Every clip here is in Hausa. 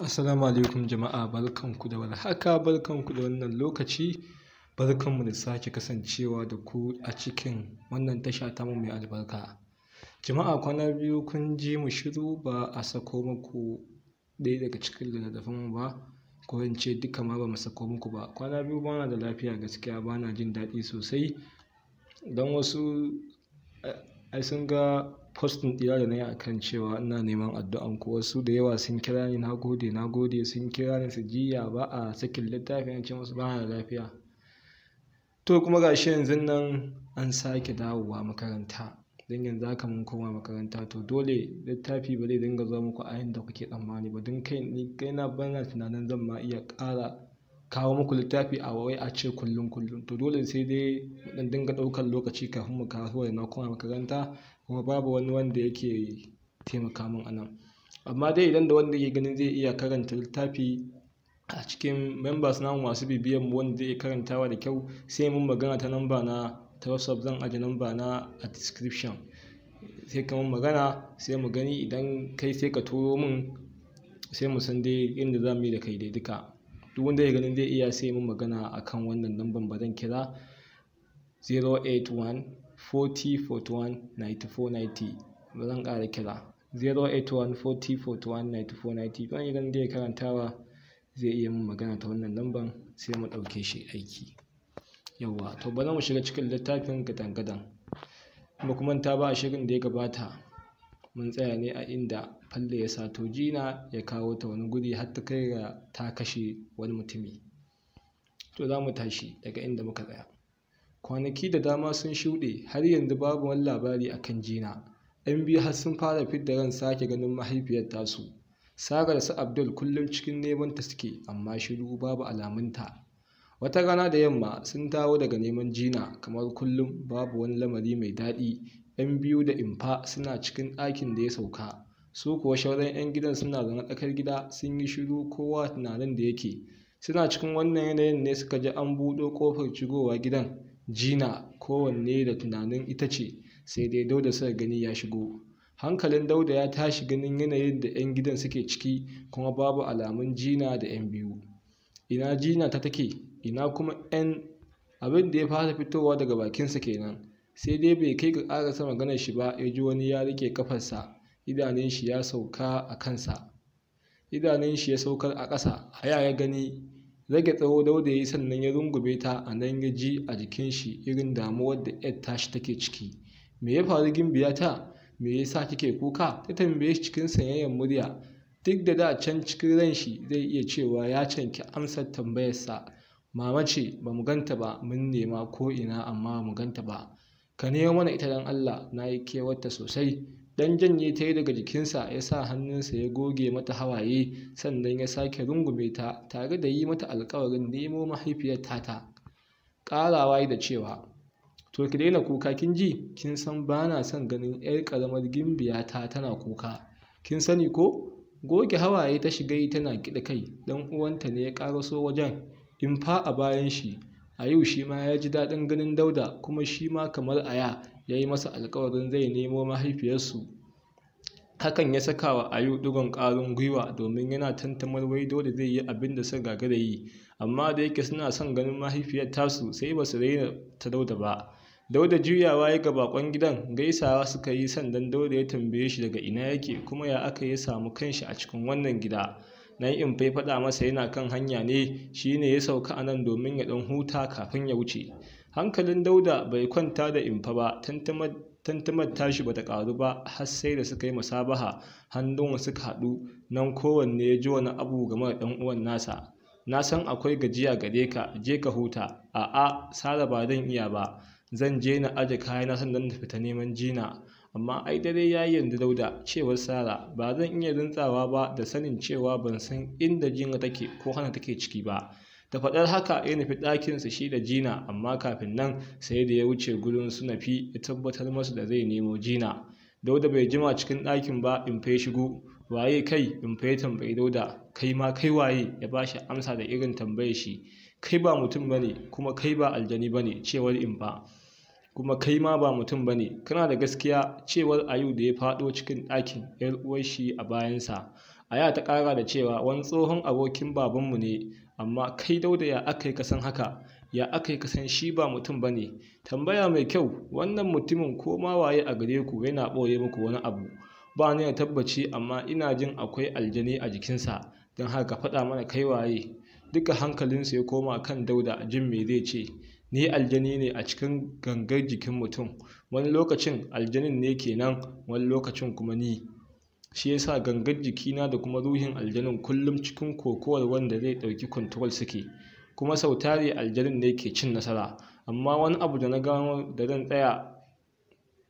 Assalamu alaikum jama'a barkanku da warhaka barkanku da wannan lokaci barkanmu da sake kasancewa da ku a cikin wannan tasha ta mu mai albarka jama'a kwana biyu kun ji mu shiru ba a sako muku ɗaya daga cikin littattafanmu ba ko in ce duka ma ba mu sako muku ba kwana biyu bana da lafiya gaskiya bana jin daɗi sosai don wasu ai sun ga postin ɗiya da na yi a cewa ina neman addu'an ku wasu da yawa sun kira ni na gode na gode sun kira ni su jiya ba a sakin littafin na ce musu ba da lafiya to kuma ga shi yanzu nan an sake dawowa makaranta don yanzu haka mun koma makaranta to dole littafi ba zai dinga zuwa muku a yanda kuke tsammani ba don kai ni kaina bana tunanin zan ma iya ƙara kawo muku littafi a wai a ce kullum kullum to dole sai dai dan dinga ɗaukar lokaci kafin mu kawo na kuma makaranta kuma babu wani wanda yake taimaka min anan amma dai idan da wanda yake ganin zai iya karanta littafi a cikin members namu masu bibiyan mu wanda zai karantawa da kyau sai mun magana ta namba na ta whatsapp zan aje namba na a description sai ka magana sai mu gani idan kai sai ka turo mun sai mu san dai inda za mu yi da kai dai duka duk wanda ya ganin zai iya sai mun magana akan wannan lambar ba zan kira 081 ba zan ƙara kira 081 40 41 94 90 idan zai karantawa zai iya mun magana ta wannan lambar sai mu ɗauke shi aiki yawa to bari mu shiga cikin littafin gadan-gadan kuma kuma ta ba a shirin da ya gabata mun tsaya ne a inda falle ya sato jina ya kawo ta wani guri har ta kai ga ta kashe wani mutumi to za mu tashi daga inda muka tsaya kwanaki da dama sun shuɗe har yanzu babu wani labari akan jina yan biyu har sun fara fidda ran sake ganin mahaifiyar tasu sarar su abdul kullum cikin neman ta suke amma shiru babu alamunta wata rana da yamma sun dawo daga neman jina kamar kullum babu wani lamari mai daɗi 'yan biyu da imfa suna cikin ɗakin da ya sauka su kuwa shauran 'yan gidan suna zama tsakar gida sun yi shiru kowa tunanin da yake suna cikin wannan yanayin ne suka ji an buɗo ƙofar shigowa gidan jina kowanne da tunanin ita ce sai dai dauda suka gani ya shigo hankalin dauda ya tashi ganin yanayin da 'yan gidan suke ciki kuma babu alamun jina da 'yan biyu ina jina ta take ina kuma 'yan abin da ya fara fitowa daga bakinsa kenan sai dai bai kai ga sa maganar shi ba ya ji wani ya rike kafarsa idanun shi ya sauka a kansa idanun shi ya saukar a ƙasa haya ya gani rage tsawo dauda ya yi sannan ya rungume ta a nan ya ji a jikin shi irin damuwar da yar tashi take ciki me ya faru gimbiya ta me ya sa kike kuka ta tambaye shi cikin sanyayyar murya duk da da can cikin ran shi zai iya cewa ya canki amsar tambayarsa mama ce ba mu ganta ba mun nema ko ina amma ba mu ganta ba ka nemo mana ita dan allah na yi kewarta sosai dan janye ta yi daga jikinsa ya sa hannunsa ya goge mata hawaye sannan ya sake rungume ta tare da yi mata alkawarin nemo mahaifiyar ta. ƙarawa da cewa to ki daina kuka kin ji kin san ba na son ganin 'yar karamar gimbiya ta tana kuka kin sani ko goge hawaye ta shiga tana kiɗa kai dan uwanta ne ya karaso wajen in fa a bayan shi a yau shi ma ya ji daɗin ganin dauda kuma shi ma kamar aya ya yi masa alkawarin zai nemo mahaifiyarsu hakan ya saka wa ayu ɗigon ƙarin gwiwa domin yana tantamar wai dole zai yi abin da suka gagara yi amma da yake suna son ganin mahaifiyar tasu sai ba su raina ta dauda ba dauda juyawa ya ga bakon gidan gaisawa suka yi sandan dauda ya tambaye shi daga ina yake kuma ya aka ya samu kanshi a cikin wannan gida in fai faɗa masa yana kan hanya ne shi ne ya sauka a nan domin ya ɗan huta kafin ya wuce hankalin dauda bai kwanta da imfa ba tantamar tashi ba ta ƙaru ba har sai da suka yi musabaha hannun suka haɗu nan kowanne ya ji wani abu game da ɗan uwan nasa na san akwai gajiya gare ka je ka huta a'a sara ba zan iya ba zan je na aje kayana nasan na fita neman jina amma ai dare ya yi yanzu dauda cewar sara ba zan iya rintsawa ba da sanin cewa ban san inda jina take ko hana take ciki ba da faɗar haka ya nufi ɗakinsa shi da jina amma kafin nan sai da ya wuce gurin su nafi ya tabbatar masu da zai nemo jina dauda bai jima cikin ɗakin ba in fai shigo waye kai in fai tambayi dauda kai ma kai waye ya ba shi amsa da irin tambayar shi kai ba mutum bane kuma kai ba aljani bane cewar in fa kuma kai ma ba mutum ba ne kana da gaskiya cewar ayu da ya fado cikin ɗakin ‘yar uwar shi a bayansa aya ta ƙara da cewa wani tsohon abokin babanmu ne amma kai dauda ya aka yi kasan haka ya aka yi kasan shi ba mutum ba ne tambaya mai kyau wannan mutumin ko ma waye a gare ku yana ɓoye muku wani abu ba ni da tabbaci amma ina jin akwai aljani a jikinsa don haka faɗa mana kai waye duka hankalinsa ya koma kan dauda jin me zai ce ni aljani ne a cikin gangar jikin mutum wani lokacin aljanin ne kenan wani lokacin kuma ni shi yasa gangar jikina da kuma ruhin aljanin kullum cikin kokowar wanda zai ɗauki control suke kuma sau tare aljanin ne ke cin nasara amma wani abu da na gano da zan tsaya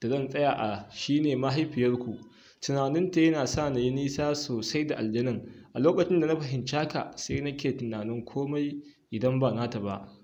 da zan tsaya a shine mahaifiyarku tunaninta yana sa na yi nisa sosai da aljanin a lokacin da na fahimci haka sai nake tunanin komai idan ba nata ba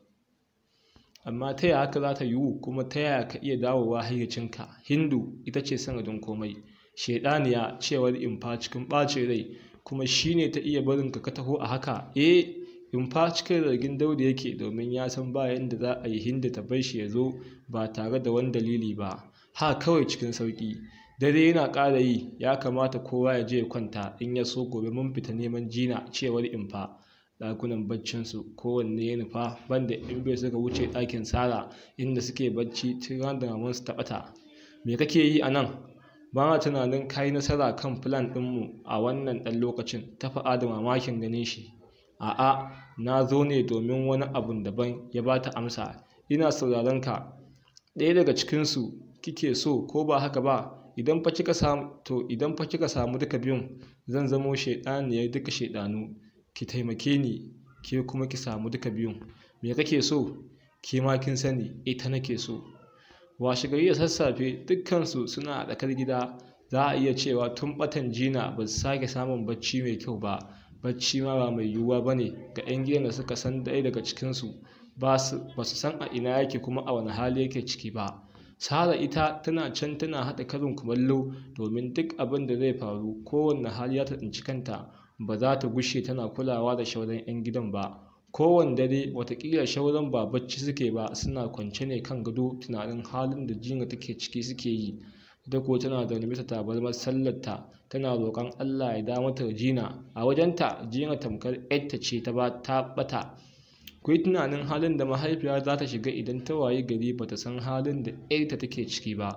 amma ta yaya haka za ta yiwu kuma ta yaya ka iya dawowa hayyacinka hindu ita ce sanadin komai shaidaniya cewar imfa cikin ɓacin rai kuma shi ne ta iya barin ka taho a haka eh imfa cikin zargin dauda yake domin ya san ba yadda za a yi hindu ta bar shi ya zo ba tare da wani dalili ba ha kawai cikin sauƙi dare yana ƙara yi ya kamata kowa ya je ya kwanta in ya so gobe mun fita neman jina cewar imfa ɗakunan baccinsu kowanne ya nufa banda in bai suka wuce ɗakin sara inda suke bacci tun da mamansu ta ɓata me kake yi a nan ba na tunanin ka yi nasara kan filan mu a wannan dan lokacin ta faɗa da mamakin ganin shi a'a na zo ne domin wani abun daban ya ba ta amsa ina sauraron ka ɗaya daga cikinsu kike so ko ba haka ba idan fa kika samu to idan fa kika samu duka biyun zan zamo shaiɗaniyar duka shaiɗanu ki taimake ni ke kuma ki samu duka biyun me kake so ke ma kin sani ita nake so washe gari da sassafe dukkansu suna a tsakar gida za a iya cewa tun batan jina ba su sake samun bacci mai kyau ba bacci ma ba mai yiwuwa ba ne ga 'yan gidan da suka san ɗaya daga cikinsu ba su san a ina yake kuma a wani hali yake ciki ba sara ita tana can tana haɗa karin kumallo domin duk abin da zai faru kowanne hali ya ta kanta ba za ta gushe tana kulawa da shauran 'yan gidan ba kowane dare watakila shauran ba bacci suke ba suna kwance ne kan gado tunanin halin da jinya take ciki suke yi ita ko tana da bisa tabarmar sallarta tana roƙon allah ya da mata jina a wajenta jina tamkar yarta ce ta ba ta bata ku tunanin halin da mahaifiya za ta shiga idan ta waye gari ba ta san halin da yarta take ciki ba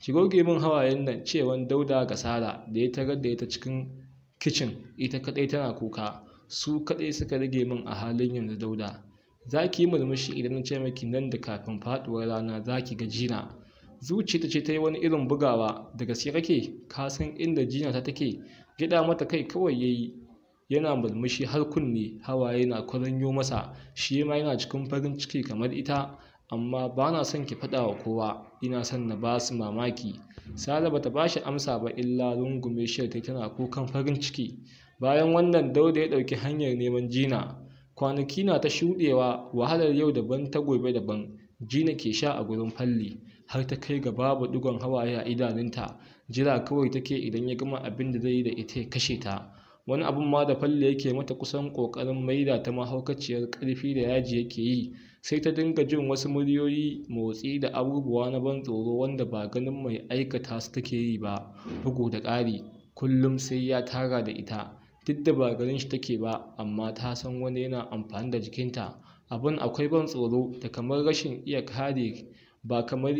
shigo gemun hawayen nan cewan dauda ga sara da ya tarar da ita cikin kicin ita kaɗai tana kuka su kaɗai suka rage min a halin yanzu dauda za ki yi murmushi idan na ce maki nan da kafin faɗuwar rana za ki ga jina zuciya ce ta yi wani irin bugawa da gaske kake ka san inda jina ta take gida mata kai kawai ya yi yana murmushi har kunne hawaye na kwaranyo masa shi ma yana cikin farin ciki kamar ita amma ba na son ki faɗa wa kowa ina son na ba su mamaki Sale bata ba shi amsa ba illa rungume shi ta tana kukan farin ciki bayan wannan dauda ya ɗauki hanyar neman jina kwanaki na ta shuɗewa wahalar yau daban ta gobe daban jina ke sha a gurin falli har ta kai ga babu ɗigon hawaye a idanunta jira kawai take idan ya gama abin da zai yi da ita kashe ta wani abun ma da falle yake mata kusan ƙoƙarin maida ta mahaukaciyar ƙarfi da yaji yake yi sai ta dinga jin wasu muryoyi motsi da abubuwa na ban tsoro wanda ba ganin mai aikata su take yi ba bugu da ƙari kullum sai ya tara da ita duk da ba ganin shi take ba amma ta san wani yana amfani da jikinta abin akwai ban tsoro da kamar rashin iya kare ba kamar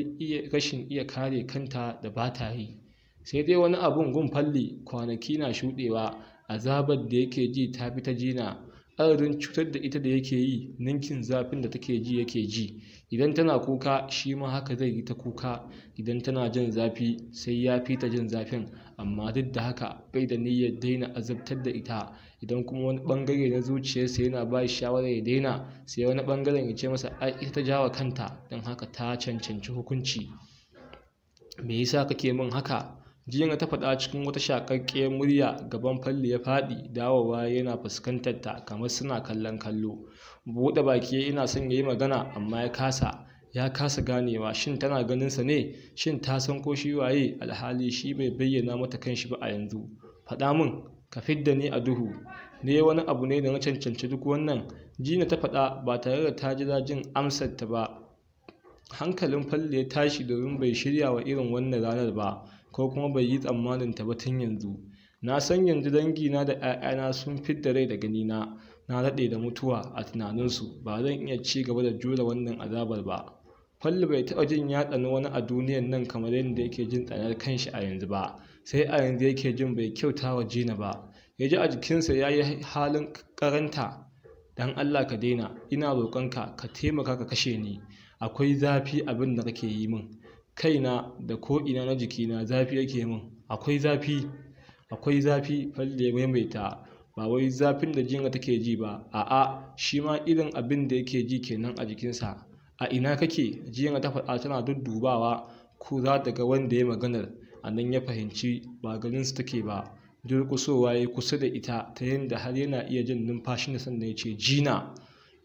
rashin iya kare kanta da ba ta yi sai dai wani abun gun falli kwanaki na shuɗewa azabar da yake ji ta fi ta jina adadin cutar da ita da yake yi ninkin zafin da take ji yake ji idan tana kuka shi ma haka zai yi ta kuka idan tana jin zafi sai ya fi ta jin zafin amma duk da haka bai da niyyar daina azabtar da ita idan kuma wani bangare na zuciya sai yana ba shi shawarar ya daina sai wani bangaren ya ce masa ai ita ta jawa kanta don haka ta cancanci hukunci me yasa kake min haka jiya ta faɗa cikin wata shaƙaƙƙiyar murya gaban falle ya faɗi dawowa yana fuskantar ta kamar suna kallon kallo buɗe baki ina son ya yi magana amma ya kasa ya kasa ganewa shin tana ganin sa ne shin ta san ko shi waye alhali shi bai bayyana mata kanshi ba a yanzu faɗa min ka fidda ni a duhu ne wani abu ne da na cancanci duk wannan jina ta faɗa ba tare da ta ji jin amsar ta ba hankalin falle ya tashi domin bai shirya wa irin wannan ranar ba ko kuma bai yi tsammanin ta ba tun yanzu na san yanzu dangi na da 'ya'yana sun fidda rai da gani na na daɗe da mutuwa a tunaninsu ba zan iya ci gaba da jure wannan azabar ba falli bai taɓa jin ya tsani wani a duniyan nan kamar yadda yake jin tsanar kanshi a yanzu ba sai a yanzu yake jin bai kyauta wa jina ba ya ji a jikinsa ya yi halin karanta dan allah ka daina ina roƙonka ka taimaka ka kashe ni akwai zafi abin da kake yi min kaina da ko ina na jikina zafi yake min akwai zafi akwai zafi falle maimaita ba wai zafin da jinga take ji ba a'a shi ma irin abin da yake ji kenan a jikinsa a ina kake jinga ta faɗa tana duddubawa ko za ta ga wanda ya maganar a nan ya fahimci ba ganinsu take ba durƙusowa ya kusa da ita ta yadda har yana iya jin numfashin sannan ya ce jina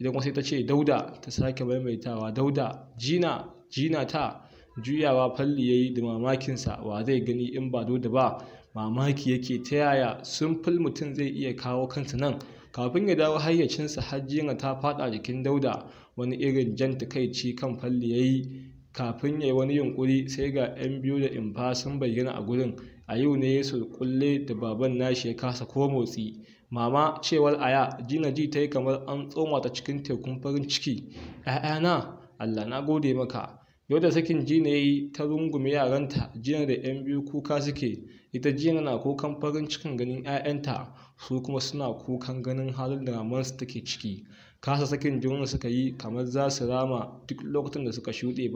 idan wasu ta ce dauda ta sake maimaitawa dauda jina jina ta juyawa falli ya yi da mamakinsa wa zai gani in ba da ba mamaki yake ta yaya fil mutum zai iya kawo kansa nan kafin ya dawo hayyacinsa hajjina ta faɗa jikin dauda wani irin jan takaici kan falli ya yi kafin ya yi wani yunƙuri sai ga 'yan biyu da imfa sun bayyana a gurin a yau ne su kulle da baban nashi ya kasa ko motsi mama cewar aya jina ji ta yi kamar an tsoma ta cikin tekun farin ciki 'ya'yana allah na gode maka yadda sakin jina ya yi ta rungume yaranta jina da yan biyu kuka suke ita jina na kukan farin cikin ganin 'ya'yanta su kuma suna kukan ganin halin da su take ciki kasa sakin juna suka yi kamar za su rama duk lokacin da suka shuɗe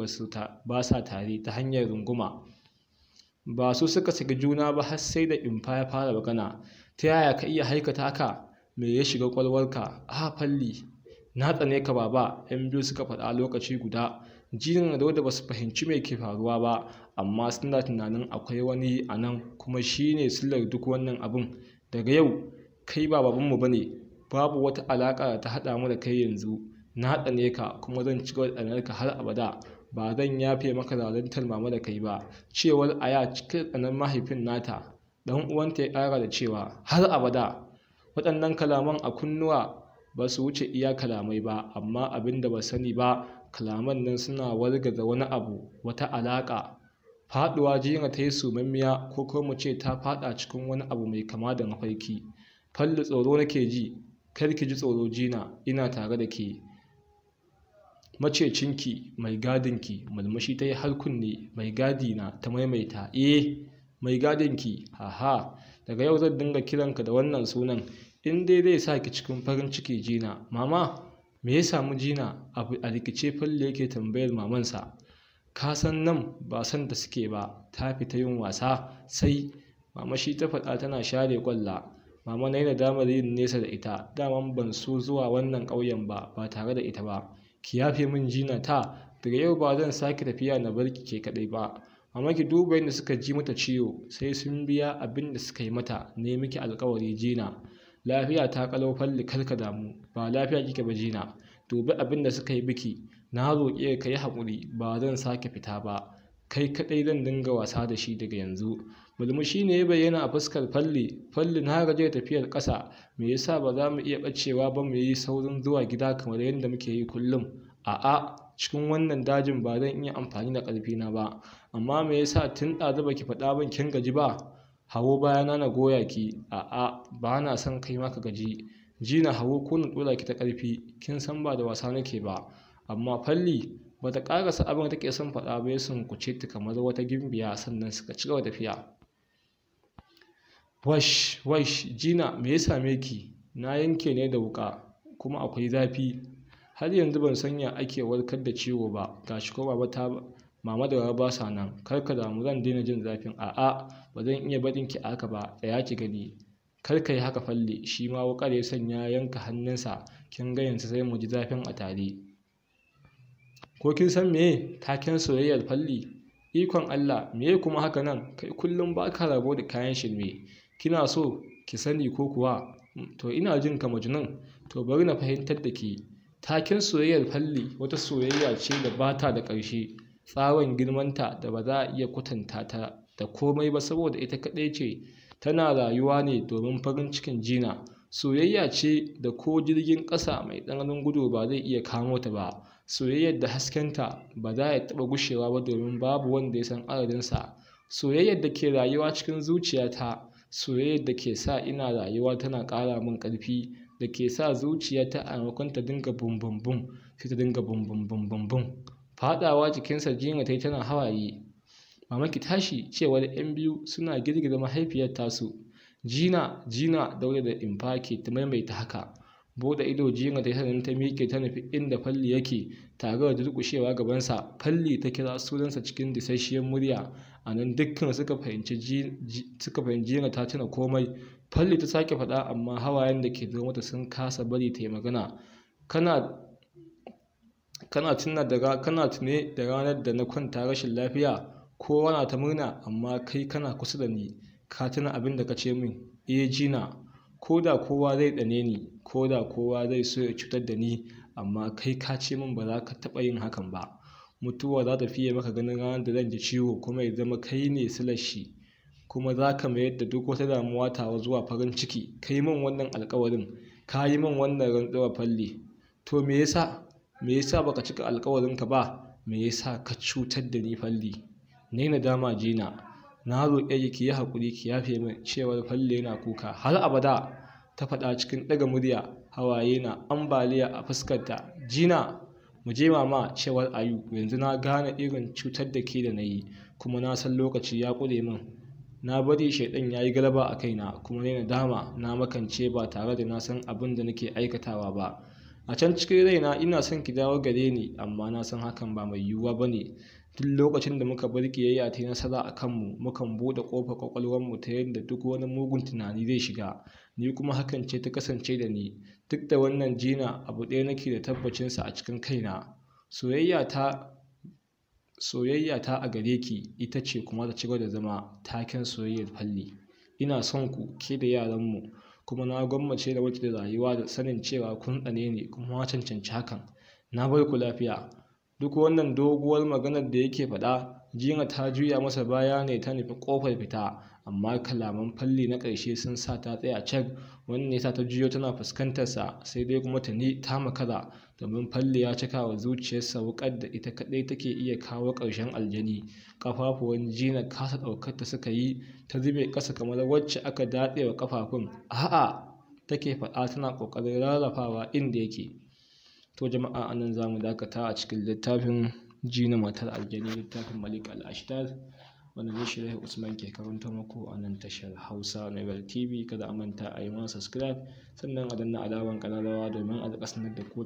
ba sa tare ta hanyar runguma ba su suka saki juna ba har sai da in ya fara magana ta yaya ka iya haikata ka me ya shiga kwalwarka a falli na tsane ka baba yan biyu suka faɗa lokaci guda jinin da wadda ba su fahimci mai ke faruwa ba amma suna tunanin akwai wani a nan kuma shi ne sillar duk wannan abin daga yau kai ba babanmu ba ne babu wata alaƙa ta haɗa mu da kai yanzu na tsane ka kuma zan ci gaba da ka har abada ba zan yafe maka zaluntar mama da kai ba cewar aya cikin tsanan mahaifin nata dan uwanta ya ƙara da cewa har abada waɗannan kalaman a kunnuwa ba su wuce iya kalamai ba amma abin da ba sani ba kalaman nan suna wargaza wani abu wata alaƙa faɗuwa jiya ta yi sumammiya ko kuma mu ce ta faɗa cikin wani abu mai kama da mafarki fallu tsoro nake ji kar ki ji tsoro jina ina tare da ke macecinki mai gadinki mulmushi ta yi har kunne mai na ta maimaita eh mai gadinki haha daga yau zan dinga kiranka da wannan sunan in dai zai sa ki cikin farin ciki jina mama me ya samu jina Abu a rikice falle yake tambayar mamansa ka san nan ba san da suke ba ta fita yin wasa sai mama shi ta faɗa tana share ƙwalla mama na yi nadamar yin nesa da ita daman ban so zuwa wannan ƙauyen ba ba tare da ita ba ki yafe min jina ta daga yau ba zan sake tafiya na bar ki ke kaɗai ba mama ki duba yadda suka ji mata ciwo sai sun biya abin da suka yi mata ne miki alkawari jina lafiya ta kalau falli kar ka damu ba lafiya kike ba jina dubi abin da suka yi biki na roƙe ka yi haƙuri ba zan sake fita ba kai kaɗai zan dinga wasa da shi daga yanzu mulmushi ne ya bayyana a fuskar falli falli na gaje tafiyar ƙasa me yasa ba za mu iya ɓacewa ba mu yi saurin zuwa gida kamar yadda muke yi kullum a'a cikin wannan dajin ba zan iya amfani da ƙarfina ba amma me yasa tun ɗazu ki faɗa ban kin gaji ba hawo bayana na goya ki a'a ba na son kai maka gaji ji na hawo ko na ɗora ki ta karfi kin san ba da wasa nake ba amma falli bata karasa abin da take son faɗa ba ya sunkuce ta kamar wata gimbiya sannan suka ci gaba tafiya wash wash jina me ya same ki na yanke ne da wuƙa kuma akwai zafi har yanzu ban sanya ake warkar da ciwo ba gashi ko baba ta mama da baba sa nan kar ka damu zan daina jin zafin a'a ba zan iya barin ki aka ba da ya ki gani kar ka yi haka falle shi ma wukar ya sanya yanka hannunsa kin ga yanzu sai mu ji zafin a tare ko kin san meye taken soyayyar falli ikon Allah Me kuma haka nan kai kullum ba ka rabo da kayan shirme kina so ki sani ko kuwa to ina jin ka majnun to bari na fahimtar da ke taken soyayyar falli wata soyayya ce da bata da ƙarshe tsawon girmanta da ba za a iya kwatanta ta da komai ba saboda ita kaɗai ce tana rayuwa ne domin farin cikin jina soyayya ce da ko jirgin ƙasa mai ɗanganin gudu ba zai iya kamo ta ba soyayyar da haskenta ba za ya taɓa gushewa ba domin babu wanda ya san adadinsa soyayyar da ke rayuwa cikin zuciyata soyayyar da ke sa ina rayuwa tana ƙara min ƙarfi da ke sa zuciyata a maimakon ta dinga bum bum bum sai ta dinga bum bum bum bum bum faɗawa jikinsa jina ta tana hawaye Mamaki ki tashi cewar yan biyu suna girgiza mahaifiyar tasu jina jina daure da imfa ke ta maimaita haka bude ido jina ta sanin ta miƙe ta nufi inda falli yake tare da durƙushewa gabansa falli ta kira sunansa cikin disasshiyar murya a nan dukkan suka fahimci suka jina ta tuna komai falli ta sake faɗa amma hawayen da ke zama mata sun kasa bari ta yi magana kana kana tuna tune da ranar da na kwanta rashin lafiya kowa na ta murna amma kai kana kusa da ni ka tuna abin da ka ce min eh jina ko da kowa zai tsane ni ko da kowa zai so ya cutar da ni amma kai ka ce min ba za ka taɓa yin hakan ba mutuwa za ta fiye maka ganin ranar da zan ji ciwo kuma ya zama kai ne silar shi kuma za ka mayar da duk wata damuwa tawa zuwa farin ciki ka yi min wannan alkawarin ka yi min wannan rantsuwa falle to me yasa me yasa baka cika alkawarinka ba me yasa ka cutar da ni falle na dama jina na roƙe ki yi haƙuri ki yafe min cewar falle na kuka har abada ta faɗa cikin ɗaga murya hawaye na ambaliya a fuskarta jina mu je mama cewar ayu yanzu na gane irin cutar da ke da na yi kuma na san lokaci ya ƙure min na bari shaidan ya yi galaba a kaina kuma ne dama na makance ba tare da na san abin da nake aikatawa ba a can cikin raina ina son ki dawo gare ni amma na san hakan ba mai yiwuwa ba ne duk lokacin da muka bar ƙiyayya ta nasara a kanmu mukan buɗe ƙofar mu ta yadda duk wani mugun tunani zai shiga ni kuma hakan ce ta kasance da ni duk da wannan jina abu ɗaya nake da tabbacinsa a cikin kaina soyayya ta soyayya ta a gare ki ita ce kuma ta cigaba da zama taken soyayyar falli ina son ku ke da yaranmu kuma na gwammace da wacce da rayuwa da sanin cewa kun tsane ne kuma cancanci hakan na bar ku lafiya duk wannan doguwar maganar da yake faɗa jina ta juya masa baya ne ta nufi ƙofar fita amma kalaman falli na ƙarshe sun sa ta tsaya cak wannan yasa ta juyo tana fuskantar sa sai dai kuma tuni ta makara domin falli ya cika wa zuciyarsa wuƙar da ita kadai take iya kawo ƙarshen aljani kafafuwan jina kasa ɗaukar ta suka yi ta zube ƙasa kamar wacce aka datse wa ƙafafun a'a take faɗa tana ƙoƙarin rarrafawa inda yake to jama'a anan zamu dakata a cikin littafin jina matar aljani littafin malik al-ashtar wanda ne shirai usman ke karanta muku a nan tashar hausa na tv kada a manta a yi ma subscribe sannan a danna kanarawa domin a sanar da ku